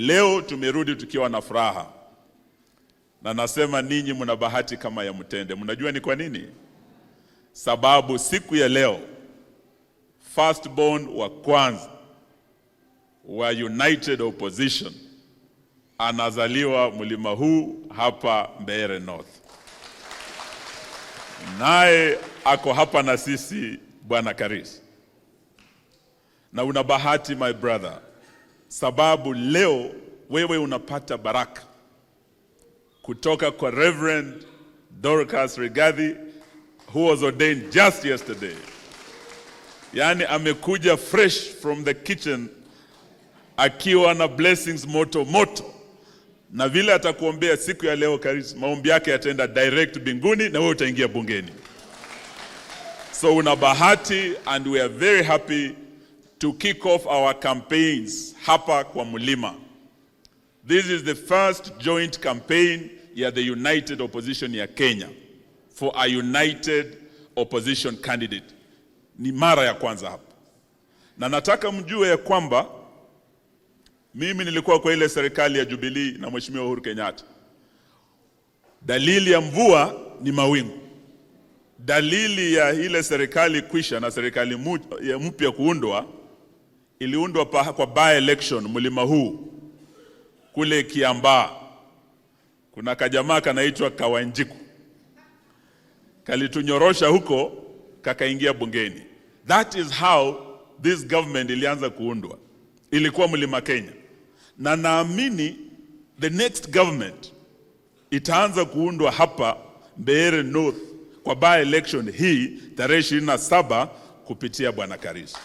Leo tumerudi tukiwa na furaha, na nasema ninyi mna bahati kama ya Mtende. Mnajua ni kwa nini? Sababu siku ya leo firstborn wa kwanza wa United Opposition anazaliwa mlima huu hapa Mbeere North, naye ako hapa na sisi Bwana Karis, na una bahati my brother sababu leo wewe unapata baraka kutoka kwa Reverend Dorcas Rigathi who was ordained just yesterday. yani amekuja fresh from the kitchen akiwa na blessings moto moto, na vile atakuombea siku ya leo Karisi, maombi yake yataenda direct binguni na wewe utaingia bungeni. So una bahati and we are very happy to kick off our campaigns hapa kwa mlima. This is the first joint campaign ya the United Opposition ya Kenya for a united opposition candidate. Ni mara ya kwanza hapa, na nataka mjue ya kwamba mimi nilikuwa kwa ile serikali ya Jubilee na Mheshimiwa Uhuru Kenyatta. Dalili ya mvua ni mawingu. Dalili ya ile serikali kwisha na serikali mpya kuundwa iliundwa kwa by election mlima huu kule Kiambaa. Kuna kajamaa kanaitwa Kawanjiku kalitunyorosha huko kakaingia bungeni. That is how this government ilianza kuundwa, ilikuwa mlima Kenya, na naamini the next government itaanza kuundwa hapa Mbeere North kwa by election hii tarehe 27 kupitia Bwana Karisa.